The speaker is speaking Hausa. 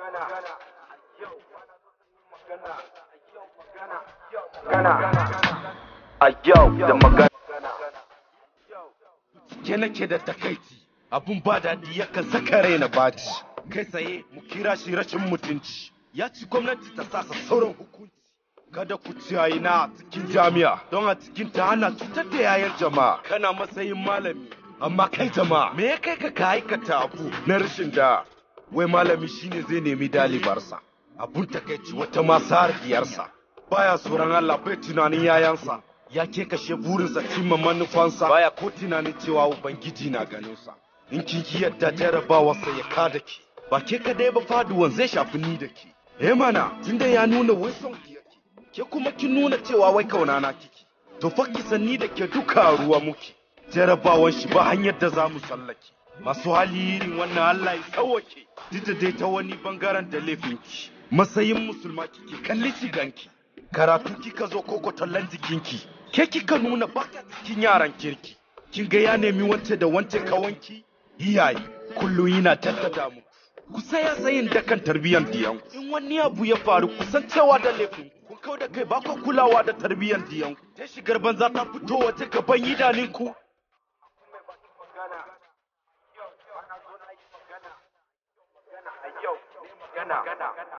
magana yau magana magana a yau ke nake da takaici abun ba daɗi yakan saka raina baci kai tsaye mu kira shi rashin mutunci ya ci gwamnati ta sasa sauran hukunci kada ku ciyayi na cikin jami'a don a cikin ta hana cutar da yayar jama'a kana matsayin malami amma kai jama'a me ya kai ka ka aikata abu na rashin da wai malami shine zai nemi dalibarsa abun takaici wata masar diyarsa baya tsoron Allah bai tunanin yayansa ya ke kashe burinsa cimma manufansa baya ko tunanin cewa ubangiji na ganinsa in kin ki yadda jarabawarsa ya da ke. ba ke kadai ba faduwan zai shafi ni da ke eh mana tunda ya nuna wai son ki ke kuma kin nuna cewa wai kauna na kiki to fa ki sanni da ke duka ruwa muke jarabawan shi ba hanyar da za mu sallake masu hali irin wannan Allah ya tsawake duk da dai ta wani bangaren da laifinki matsayin musulma kike kalli shiganki karatu kika zo ko kwatallan jikinki ke kika nuna baka cikin yaran kirki kin ga ya nemi wance da wance kawanki iyaye kullum yana tattata mu ku saya sayin dakan tarbiyyar diyan in wani abu ya faru kusan cewa da laifin ku kau da kai ba ku kulawa da tarbiyyar diyan ta shigar banza ta fito wata gaban idaninku magana magana a yau, magana.